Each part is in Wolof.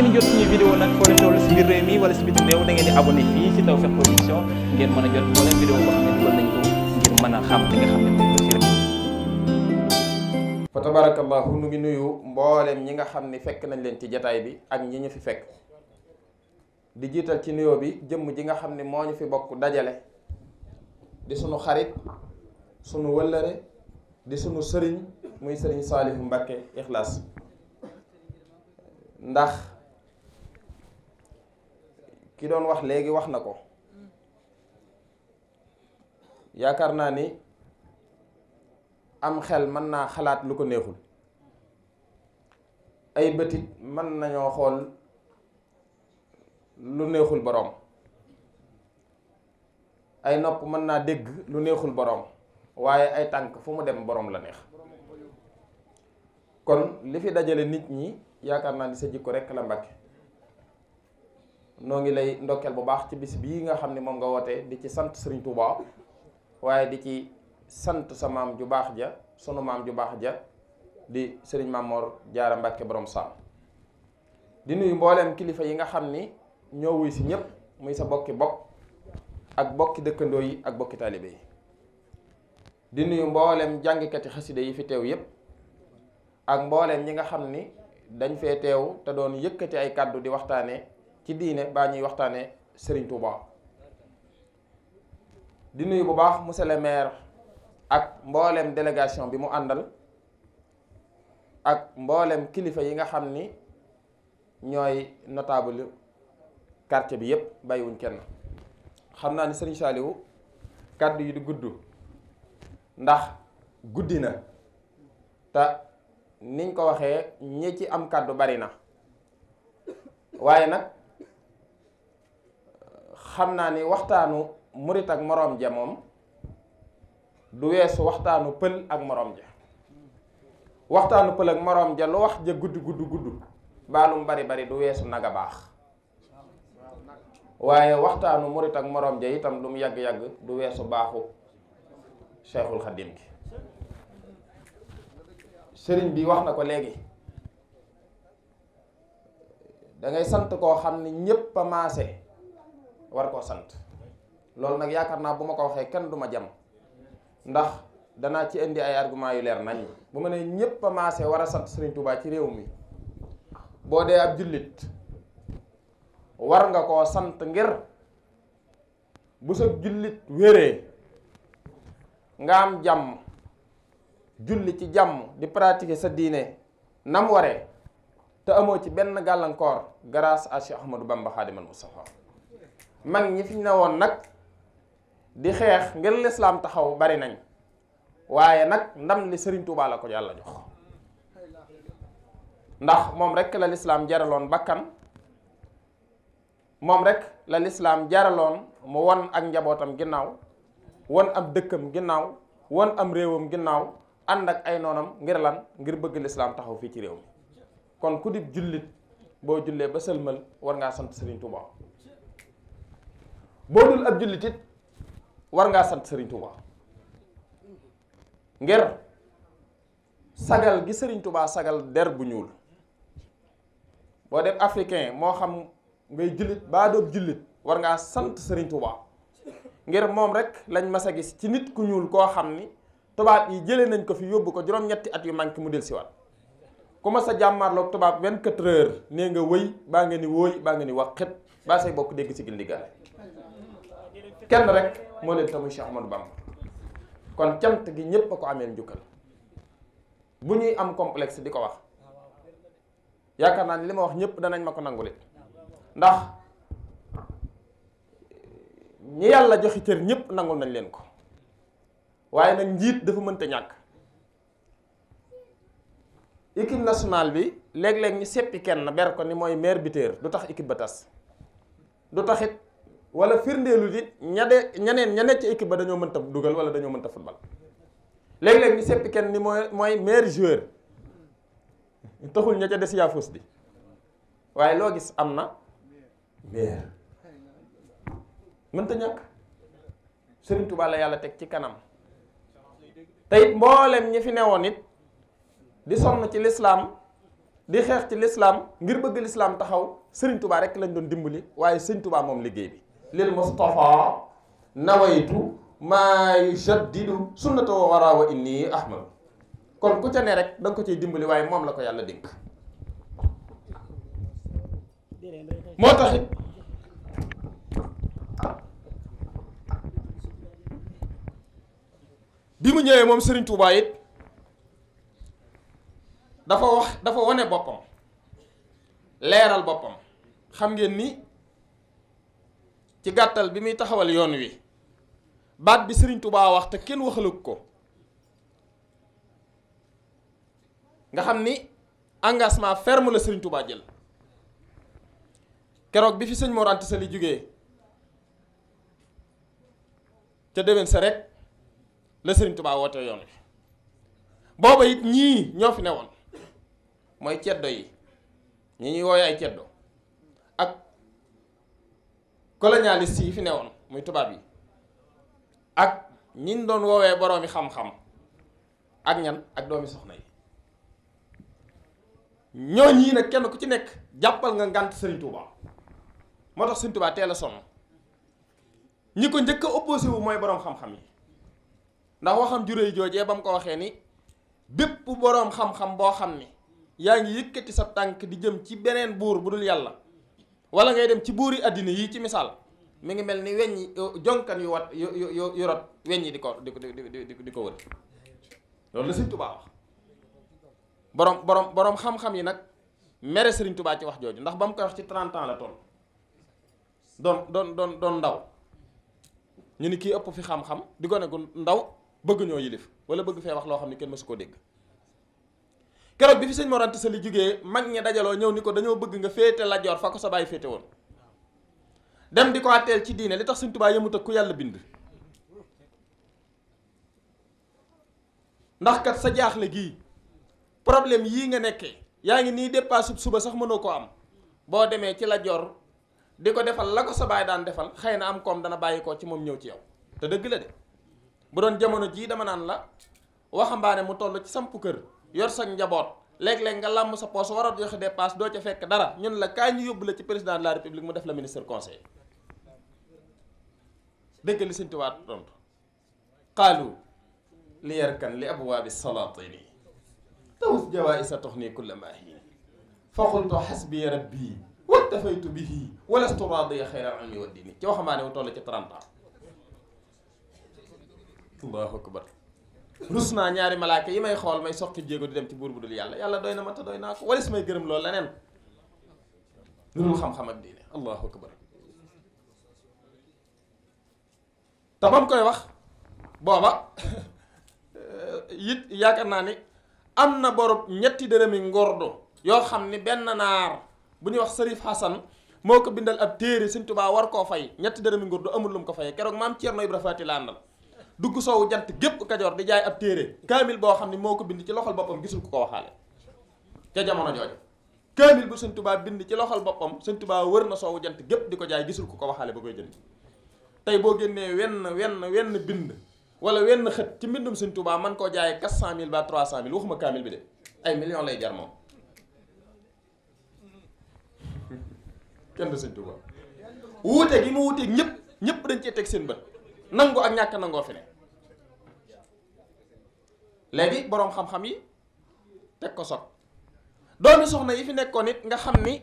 ngeen jot suñu vidéo nag foo leen toll si biir réew mi ngeen mën a jot moo leen vidéo mën a xam li nu ngi nuyu mbooleem ñi nga xam ni fekk nañ leen ci jataay bi ak ñi ñu fi fekk di jiital ci nuyo bi jëmm ji nga xam ne moo ñu fi bokk dajale di suñu xarit sunu wëllëre di sunu sëriñ muy sëriñ Saalihu Mbàkke Ixlaas ndax ki doon wax léegi wax na ko yaakaar naa ni am xel mën naa xalaat lu ko neexul ay bëtit mën nañoo xool lu neexul boroom ay nopp mën naa dégg lu neexul boroom waaye ay tànk fu mu dem boroom la neex kon li fi dajale nit ñi yaakaar naa ni sa jikko rekk la Mbàkke noo ngi lay ndokkeel bu baax ci bis bii nga xam ne moom nga wootee di ci sant Serigne Touba waaye di ci sant sa maam ju baax ja sunu maam ju baax ja di sëriñ Mamor Jaara Mbàkke boroom Saam di nuyu mbooleem kilifa yi nga xam ni ñoo wuy si ñëpp muy sa bokki bokk ak bokki dëkkandoo yi ak bokki taalibe yi di nuyu mbooleem jàngikati xaside yi fi teew yépp ak mbooleem ñi nga xam ni dañ fee teew te doon yëkkati ay kàddu di waxtaanee. ci diine baa ñuy waxtaane Serigne Touba di nuyu bu baax monsieur le maire ak mboolem délégation bi mu àndal ak mboolem kilifa yi nga xam ni ñooy notable quartier bi yépp bàyyiwuñ kenn xam naa ni sëriñ Saliou kàddu yi di gudd ndax guddi na te niñ ko waxee ñi ci am kàddu bari na waaye nag xam naa ni waxtaanu murit ak moroom ja moom du weesu waxtaanu pël ak moroom ja waxtaanu pël moroom ja lu wax ja gudd gudd gudd baalum bari bari du weesu naga baax waaye waxtaanu murit ak moroom ja itam lu mu yàgg-yàgg du weesu baaxu Cheikhul Khadim gi sëriñ bi wax na ko léegi dangay sant koo xam ne ñépp a maase war koo sant loolu nag yaakaar naa bu ma ko waxee kenn du ma jam ndax danaa ci indi ay argument yu leer nañ bu ma ne ñépp a maase war a sant Serigne Touba ci réew mi boo dee ab jullit war nga koo sant ngir bu sa jullit wéree nga am jàmm julli ci jàmm di pratiquer sa diine nam waree te amoo ci benn gàllankoor grâce à Cheikh Ahmadou Bamba Khadimal Moustapha mag ñi fi ne woon nag di xeex ngir lislaam taxaw bari nañ waaye nag ndam li sëriñ Tuubaa la ko yàlla jox ndax moom rek la lislaam jaraloon bakkan moom rek la lislaam jaraloon mu wan ak njabootam ginnaaw wan am dëkkam ginnaaw wan am réewam ginnaaw ànd ak ay noonam ngir lan ngir bëgg lislaam taxaw fii ci réew mi kon ku dib jullit boo jullee ba sëlmal war ngaa sant sëriñ Tuubaa boo dul ab jullit it war ngaa sant sëriñ Touba ngir sagal gi sëriñ Touba sagal der bu ñuul boo dem africain moo xam ngay jullit baa doob jullit war ngaa sant sëriñ Touba ngir moom rek lañ mas a gis ci nit ku ñuul koo xam ni tubaab yi jëlee nañ ko fi yóbbu ko juróom-ñetti at yu manqué mu del siwaat ku mas a jàmmaarloog tubaab 24 heures nee nga wëy baa nga ni wóoy baa nga ni wax xët baa say bokk dégg si gil ndigaale kenn rek moo leen tamuy Cheikh Ahmadou kon cant gi ñépp a ko amee njukkal bu ñuy am complexe di ko wax yaakaar naa ni li ma wax ñépp danañ ma ko nangule ndax ñi yàlla joxi cër ñëpp nangu nañ leen ko waaye nag njiit dafa mënta ñàkk équipe nationale bi léeg-léeg ñu seppi kenn ber ni mooy meilleur buteur du tax équipe ba tas du taxit wala firndeelu ji ña de ñeneen ña nekk ci équipe ba dañoo mënta dugal wala dañoo mënta football léegi léeg ñu seppi kenn ni mooy mooy meilleur joueur taxul ña ca des yaafus bi waaye loo gis am na meilleur mënta ñàkk Serigne Touba la yàlla teg ci kanam tey it mboolem ñi fi newoon it di sonn ci lislaam di xeex ci lislaam ngir bëgg lislaam taxaw Serigne Touba rek lañ doon dimbali waaye Serigne tubaa moom liggéey bi lil mustafa nawaytu maa yujaddidu sunnata wa wara wa ahmadu kon ku ca ne rek danga ko ciy dimbali waaye moom la ko yàlla dénk moo taxit bi mu ñëwee moom Serigne Touba it dafa wax dafa wane boppam leeral boppam xam ngeen ni ci gàttal bi muy taxawal yoon wi baat bi Sëriñ Tubaa wax te kenn waxalug ko nga xam ni engagement ferme la Sëriñ Tubaa jël keroog bi fi sëñ Mor Anta Sali jógee ca déwén sa rek la Sëriñ Tubaa wootee yoon wi booba it ñii ñoo fi ne woon mooy ceddo yi ñu ñuy wooye ay ceddo ak colonialiste yi fi newoon muy tubaab yi ak ñin doon woowee boroomi xam-xam ak ñan ak doomi soxna yi ñooñu yii nag kenn ku ci nekk jàppal nga ngànt Sëriñ Tuubaa moo tax Sëriñ Tuubaa teel a sonn ñi ko njëkk a opposé wu mooy boroom xam-xam yi ndax waxam juróoy joojee ba mu ko waxee ni bépp boroom xam-xam boo xam ni yaa ngi yëkkati sa tànk di jëm ci beneen buur bu dul yàlla wala ngay dem ci buuri àddina yii ci misaal mi ngi mel ni weñ jonkan yu wat yu yu yu rot weñ yi di ko di ko di ko wër loolu la sëñ tubaa wax borom borom borom xam-xam yi nag mere sëriñ tubaa ci wax jooju ndax ba mu koy wax ci 30 ans la toll doon doon doon doon ndaw ñu ni kii ëpp fi xam-xam di gone gu ndaw bëgg ñoo yilif wala bëgg fee wax loo xam ne kenn su koo dégg keroog bi fi sëñ Mor Anta Sali jógee mag ñi dajaloo ñëw ni ko dañoo bëgg nga féete Lat Joor fa ko sa bàyyi féete woon dem di ko àtteel ci diine li tax sëñ Tuubaa yëmut ak ku yàlla bind ndax kat sa jaaxle gi problème yii nga nekke yaa ngi nii dépassé suba sax mënoo ko am boo demee ci Lat Joor di ko defal la ko sa baay daan defal xëy na am koom dana bàyyi ko ci moom ñëw ci yow te dëgg la de bu doon jamono jii dama naan la waxambaane mu toll ci sampu kër yor sa njaboot léeg-léeg nga làmm sa poos war a joxe dépasse doo ca fekk dara ñun la kaa ñu yóbbu la ci président de la république mu def la ministre conseil dégg li sëntiwaat tontu qaalu li yarkan li abwaabi salaatini tawus jawaisa tuxni kulla maahin fa qultu xasbi rabbi wattafaytu bihi walastu raadiya xayra al ilmi wa dini ci waxambaane wu toll ci 30 ans allahu akbar rus naa ñaari malaaka yi may xool may soqi jéego di dem ci buur bu dul yàlla yàlla doy na ma te doy naa ko walis may gërëm loolu leneen lu dul xam-xam ak diine allahu akbar te ba koy wax booba yit yaakaar naa ni am na borob ñetti dërëmi ngordu yoo xam ni benn naar bu ñuy wax Sërif Hasan moo ko bindal ab téere Sëñ war koo fay ñetti dërëmi ngordu amul lu mu ko fayee keroog maam Ceerno Ibra Faati la àndal dugg soowu jant gépp kajoor di jaay ab téere kaamil boo xam ne moo ko bind ci loxol boppam gisul ku ko waxaale ca jamono jooju kaamil bu sëñ tubaab bind ci loxol boppam sëñ tubaa wër na soowu jant gépp di ko jaay gisul ku ko waxaale ba koy jënd tey boo génnee wenn wenn wenn bind wala wenn xët ci mbindum sëñ tubaa man koo jaayee 400000 ba 300000 waxuma kaamil bi de ay millions lay jar moom kenn du sëñ tubaa wuute gi mu wuute ñëpp ñëpp dañ cee teg seen bët nangoo ak ñàkk nangoo fi ne léegi boroom xam-xam yi teg ko sot doomi soxna yi fi nekkoon nit nga xam ni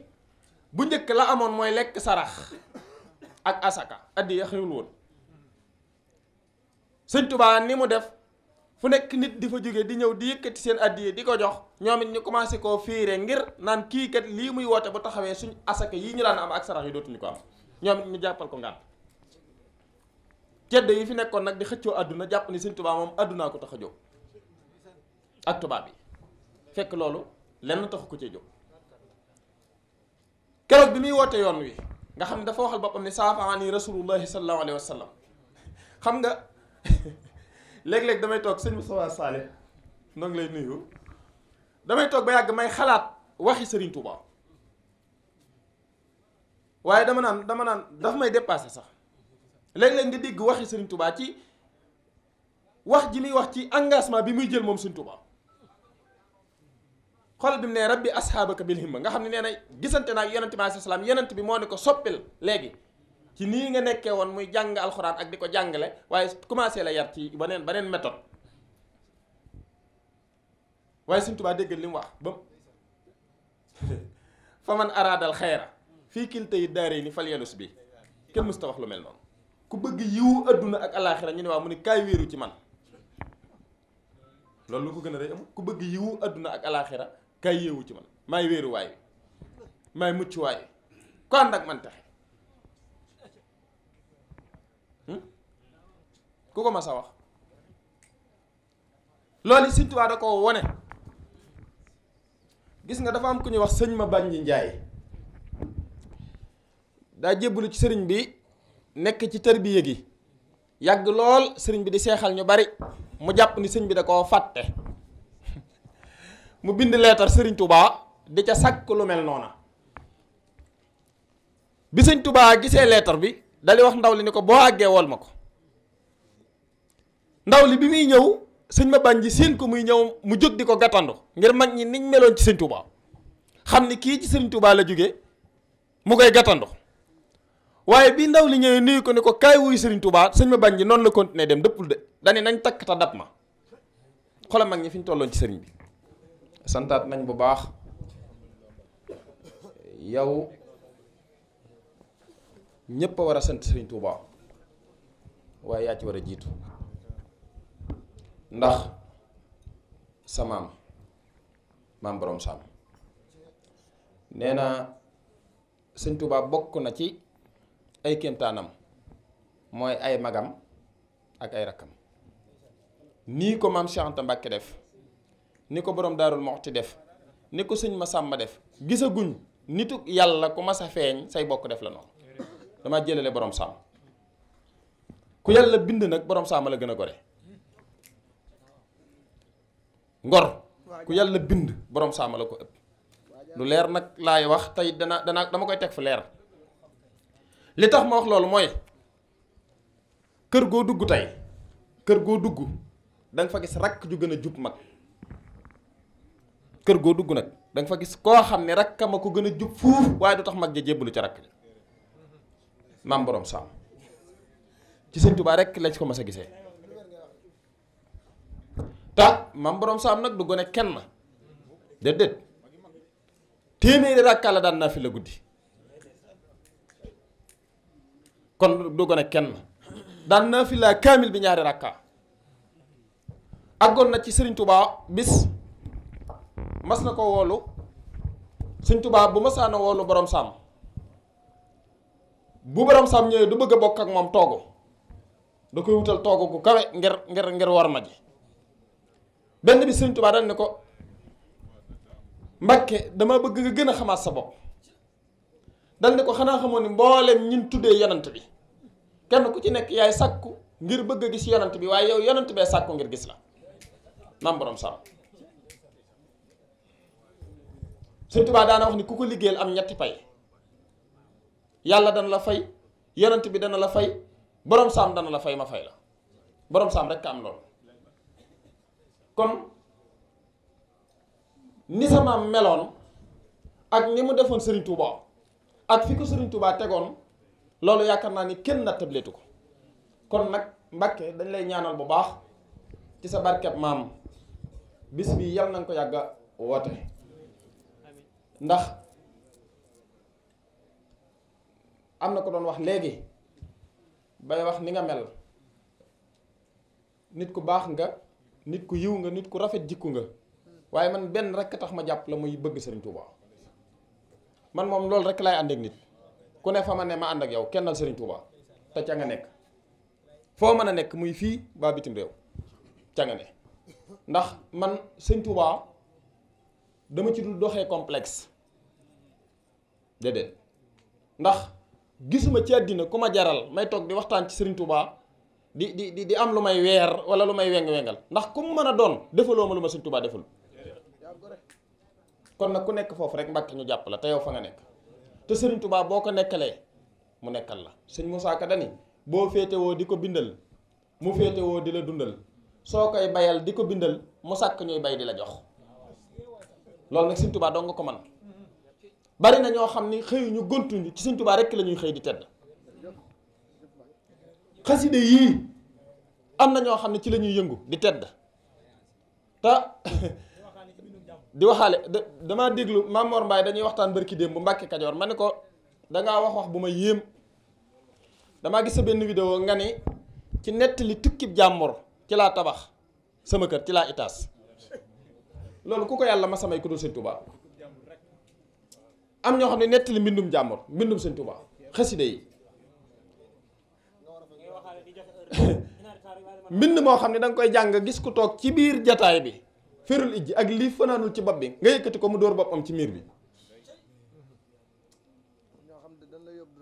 bu njëkk la amoon mooy lekk sarax ak asaka addi ya xewul woon sëñ Tuubaa ni mu def fu nekk nit di fa jóge di ñëw di yëkkati seen addiya di ko jox ñoom it ñu commencé koo fiire ngir naan kii kat lii muy woote bu taxawee suñ asaka yi ñu daan am ak sarax yi dootuñu ko am ñoom ñu jàppal ko ngànt cedd yi fi nekkoon nag di xëccoo àdduna jàpp ni sëñ Tuubaa moom àddunaa ko tax a jóg ak tubaab yi fekk loolu lenn taxu ko cee jóg keroog bi muy woote yoon wi nga xam ne dafa waxal boppam ne saafaani rasulullahi sallallahu alayhi wa sallam xam nga léeg-léeg damay toog sëñ Moustapha Sallé noo ngi lay nuyu damay toog ba yàgg may xalaat waxi Serigne Touba waaye dama naan dama naan daf may dépassé sax léeg-léeg nga dégg waxi Serigne Touba ci wax ji muy wax ci engagement bi muy jël moom Serigne Touba xool bi mu ne rabbi asxaabaka bil himma nga xam ne nee na gisante naa yenent bi alayhi salaam yonent bi moo ne ko soppil léegi ci nii nga nekkee woon muy jàng alxuraan ak di ko jàngale waaye commencé la yar ci beneen beneen méthode waaye Sëñ Tuubaa déggal li mu wax ba fa man araadal xayra fii kilta yi daaree ni fal yelus bi kenn mës wax lu mel noonu ku bëgg yiwu adduna ak alaaxira ñu ne waaw mu ne kaay wéeru ci man loolu lu ko gën a rëy amul ku bëgg yiwu adduna ak alaaxira kay yéewu ci man maay wéeruwaay bi maay muccuwaay bi ko ànd ak man hmm? ku ko mas a wax loolu Sëñ Tuubaa da ko wone gis nga dafa am ku ñuy wax sëñ ma bànji njaay daa jébbalu ci sëriñ bi nekk ci tarbiya gi yàgg lool sëriñ bi di seexal ñu bari mu jàpp ni sëñ bi da koo fàtte mu bind leetar sëriñ tubaa di ca sàkk lu mel noona bi sëñ tubaa gisee leetar bi dali wax ndaw li ni ko boo àggee wol ma ko ndaw li bi muy ñëw sëñ ma bànji seen ko muy ñëw mu jóg di ko gàttandu ngir mag ñi niñ meloon ci sëñ tubaa xam ni kii ci sëriñ tubaa la jóge mu koy gàttandu waaye bi ndaw li ñëwee nuyu ko ni ko kaay wuy sëriñ tubaa sëñ ma bànji noonu la continuer dem dëppul de dani nañ takk ta dab ma xolam mag ñi fi ñu tolloon ci sëriñ bi santaat nañ bu baax yow ñépp a war a sant Sëriñ Tuubaa waaye yaa ci war a jiitu ndax sa maam maam boroom saam nee na Sëriñ Tuubaa bokk na ci ay kéemtaanam mooy ay magam ak ay rakkam nii ko maam Cheikh Mbàkke def ni ko borom daarul moxti def ni ko sëñ ma sàmm def gisaguñ nitu yàlla ku ma sa feeñ say bokk def la noonu dama jëlale borom saam ku yàlla bind nag boroom saama la gën a gore ngor ku yàlla bind borom saama la ko ëpp lu leer nag laay wax tey dana dana dama koy teg fu leer li tax ma wax loolu mooy kër goo dugg tey kër goo dugg danga fa gis rakk ju gën a jub mag kër goo dugg nag da fa gis koo xam ne rakk ma ko gën a jub fuuf waaye du tax mag ja jébbalu ca rakk ja maam borom saam ci sëñ Tuubaa rek lañ ko mas a gisee saam nag du gone kenn déedéet téeméeri rakka la daan naa fi kenn daan naa fi la kaamil bi ñaari rakka bis mas na ko woolu Sëñ tubaab bu masaana woolu borom sàmm bu borom sàmm ñëwee du bëgg a bokk ak moom toogu da koy wutal toogu gu kawe ngir ngir ngir war ma ji benn bi Sëñ Tuubaa dañ ne ko Mbàkke dama bëgg nga gën a xamaat sa bopp dal ne ko xanaa xamoon ni mbooleem ñin tuddee yonant bi kenn ku ci nekk yaay sàkku ngir bëgg a gis yonant bi waaye yow yonant bee sàkku ngir gis la maam borom sàmm sëñ Tuubaa daana wax ni ku ko liggéeyal am ñetti pay yàlla dana la fay yonent bi dana la fay borom saam dana la fay ma fay la boroom saam rek ka am loolu kon ni sama meloon ak ni mu defoon Serigne Touba ak fi ko Serigne Touba tegoon loolu yaakaar naa ni kenn na tabletu ko kon nag Mbàkke dañ lay ñaanal bu baax ci sa barkeb maam bis bi yal na ko yàgg woote. ndax am na ko doon wax léegi bay wax ni nga mel nit ku baax nga nit ku yiw nga nit ku rafet jikku nga waaye man benn rek tax ma jàpp la muy bëgg Serigne Touba man moom loolu rek laay ànd nit ku ne fa ma ne ma ànd ak yow kennal Serigne Touba te ca nga nekk foo mën a nekk muy fii ba bitim réew ca nga ne ndax man Serigne Touba. dama ci dul doxee complexe déedéet ndax gisuma ci àddina ku ma jaral may toog di waxtaan ci Serigne tubaa di di di di am lu may weer wala lu may weng-wengal ndax ku mu mën a doon defaloo ma lu ma Serigne Touba deful kon nag ku nekk foofu rek Mbàkke ñu jàpp la te yow fa nga nekk te Serigne Touba boo ko nekkalee mu nekkal la sëñ Moussa dani boo féetewoo di ko bindal mu féetewoo di la dundal soo koy bayal di ko bindal mu sàkk ñuy bay di la jox loolu nag Sëñ Tuubaa dong nga ko man bari na ñoo xam ni xëyuñu gontuñu ci Sëñ Tuubaa rekk la ñuy xëy di tedd xaside yii am na ñoo xam ne ci la yëngu di tedd te di waxaale damaa déglu Mamor Mbaye dañuy waxtaan barki démb bu Mbàkke Kajoor ma ne ko dangaa wax wax bu ma yéem damaa gis sa benn vidéo nga ne ci nettali tukkib jàmbur ci laa tabax sama kër ci laa itaas loolu ku ko yàlla ma samay ku dul sëñ am ñoo xam ne nettali mbindum jàmbur mbindum sëñ Tuubaa xaside yi mbind moo xam ne da koy jàng gis ku toog ci biir jataay bi ferul ijji ak lii fanaanul ci bopp bi nga yëkkati ko mu dóor boppam ci miir bi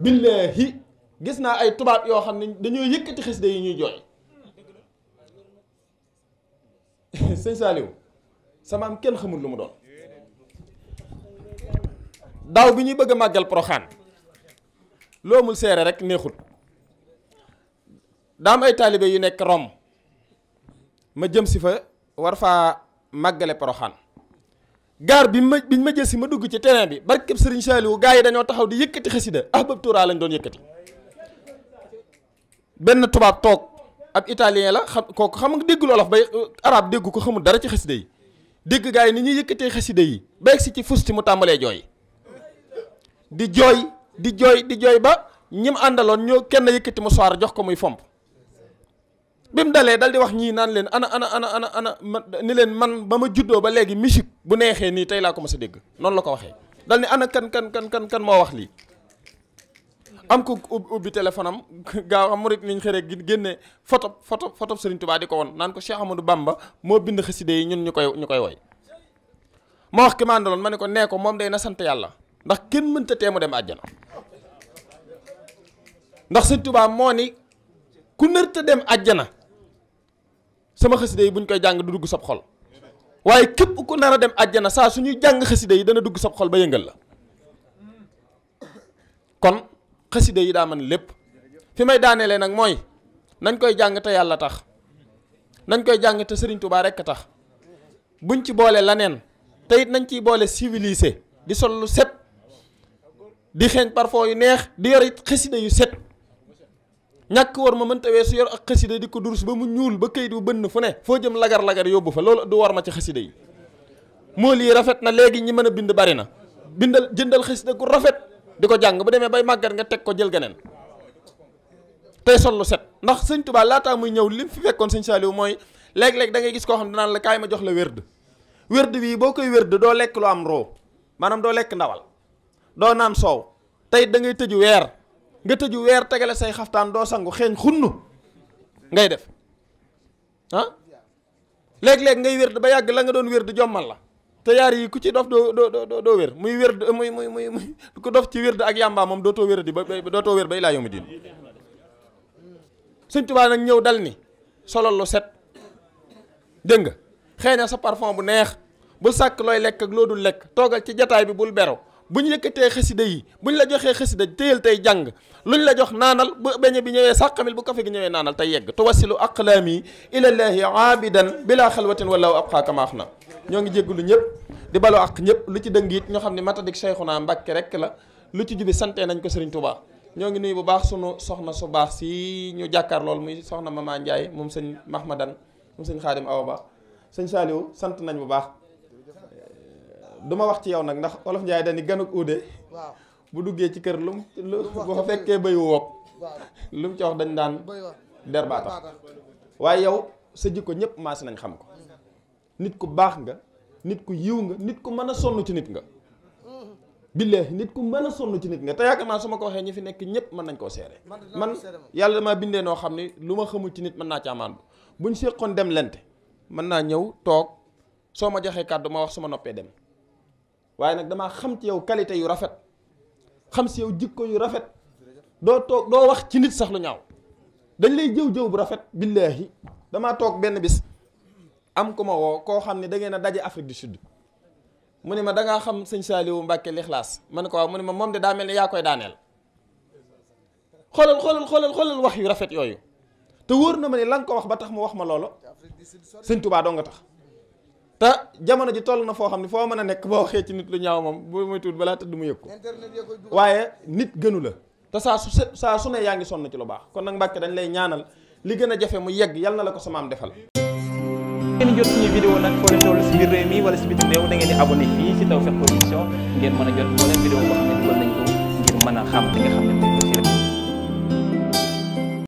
billaahi gis naa ay tubaab yoo xam ne dañoo yëkkati xaside yi ñuy jooy sëñ Saaliw sama am kenn xamul lu mu doon daaw bi ñuy bëgg a màggal poroxaan loomul seere rek neexut daam ay taalibe yu nekk Rome ma jëm si fa war faa màggale poroxaan gaar bi ma biñ ma jël si ma dugg ci terrain bi barkeb sëriñ Saliou gaa yi dañoo taxaw di yëkkati xasida ahbab tuura lañ doon yëkkati benn tubaab toog ab italien la xam kooku xam nga dégg olof bay arab dégg ko xamul dara ci xasida yi dégg gaa yi ni ñuy yëkkatee xasida yi ba egsi ci fusti mu tàmbalee jooy di jooy di jooy di jooy ba ñim àndaloon ñoo kenn yëkkati mu jox ko muy fomp bi mu dalee dal di wax ñii naan leen ana ana ana ana ana ni leen man ba ma juddoo ba léegi musique bu neexee nii tey laa ko mës a dégg noonu la ko waxee dal ni ana kan kan kan kan kan moo wax lii am ko ubbi téléphone am gaaw am murit niñ xëre génne photo photo photo Serigne Touba di ko woon naan ko Cheikh Amadou Bamba moo bind xaside yi ñun ñu koy ñu koy woy ma wax ki ma àndaloon ma ne ko nee ko moom day na sant yàlla ndax kenn mënta tee mu dem àjjana ndax Serigne Touba moo ni ku nërta dem àjjana sama xaside yi buñ koy jàng du dugg sab xol waaye képp ku nar a dem ajjana saa suñuy jàng xaside yi dana dugg sab xol ba yëngal la kon xasida yi daa man lépp fi may daanelee nag mooy nañ koy jàng te yàlla tax nañ koy jàng te Sëriñ Tuubaa rekk tax buñ ci boole laneen te it nañ ciy boole civilisé di sol lu set di xeeñ parfum yu neex di yor it xasida yu set ñàkk war ma mënta weesu yor ak xasida di ko durus ba mu ñuul ba këyit bu bënn fu ne foo jëm lagar-lagar yóbbu fa loolu du war ma ci xasida yi mool yi rafet na léegi ñi mën a bind bari na bindal jëndal xasida gu rafet di ko jàng bu demee bay màggat nga teg ko jël geneen tey sol lu set ndax sëñ Tuubaa laataa muy ñëw lim fi fekkoon sëñ Saaliw mooy léeg-léeg da ngay gis koo xam danaan la kaay ma jox la werd werd bii boo koy werd doo lekk lu am roo maanaam doo lekk ndawal doo naan soow tey da ngay tëju weer nga tëju weer tegale say xaftaan doo sangu xeeñ xunn ngay def ah léeg-léeg ngay werd ba yàgg la nga doon werd jommal la te yaar yi ku ci dof doo doo doo wér muy wér muy muy muy muy ku dof ci wér ak yàmbaa moom dootoo wér di ba dootoo wér ba ilaa yawmi diin Sëñ Tuubaa nag ñëw dal ni solal lu set dégg nga xëy na sa parfum bu neex bul sàkk looy lekk ak loo dul lekk toogal ci jataay bi bul bero bu ñu yëkkatee xasida yi bu ñu la joxee xasida téyal tey jàng lu ñu la jox naanal bu beñe bi ñëwee sàqamil bu kafe gi ñëwee naanal tey yegg tuwasilu aqlaami ilallaahi aabidan bilaa xalwatin wallaahu na ñoo ngi lu ñëpp di balu ak ñëpp lu ci dëng it ñoo xam ne matadik naa Mbacké rek la lu ci jubi santee nañ ko Serigne Touba ñoo ngi nuyu bu baax sunu soxna su baax si ñu jàkkaar lool muy soxna Mama Ndiaye moom sëñ Mahmadan moom sëñ Xaadim aw Ba sëñ Saliou sant nañ bu baax du wax ci yow nag ndax olof Ndiaye dañu ganuk uude bu duggee ci kër lu mu boo fekkee béyu wopp lu mu ci wax dañ daan derbaata waaye yow sa jikko ñëpp maas nañ xam ko nit ku baax nga nit ku yiw nga nit ku mën a sonn ci nit nga billaahi nit ku mën a sonn ci nit nga te yaakaar naa su ma ko waxee ñi fi nekk ñëpp mën nañ koo seere man yàlla damaa bindee noo xam ne lu ma xamul ci nit mën naa ci bu ñu séqoon dem lente mën naa ñëw toog soo ma joxee kàddu ma wax su ma noppee dem waaye nag damaa xam ci yow qualité yu rafet xam si yow jikko yu rafet doo toog doo wax ci nit sax lu ñaaw dañ lay jëw jëw bu rafet billaahi damaa toog benn bis am ku ma woo koo xam ne da ngeen a daje Afrique du Sud mu ne ma dangaa xam sëñ Saliou Mbacke Lixlaas ma ne ko waaw mu ne ma moom de daa mel ne yaa koy daaneel xoolal xoolal xoolal xoolal wax yu rafet yooyu te wóor na ma ne la nga ko wax ba tax mu wax ma loolu sëñ Touba doo nga tax te jamono ji toll na foo xam ne foo mën a nekk boo waxee ci nit lu ñaaw moom bu muy tuut balaa tëdd mu yëg ko waaye nit gënu la te saa su saa su ne yaa ngi sonn ci lu baax kon nag Mbacke dañ lay ñaanal li gën a jafe mu yegg yal la ko samaam defal ngeen jot suñu vidéo nag foo leen toll si biir réew mi wala si da ngeen di abonné fii si Tawfekh Production ngeen mën a jot moo leen vidéo boo xam ne dugal nañ ko ngir mën a xam nga xam ne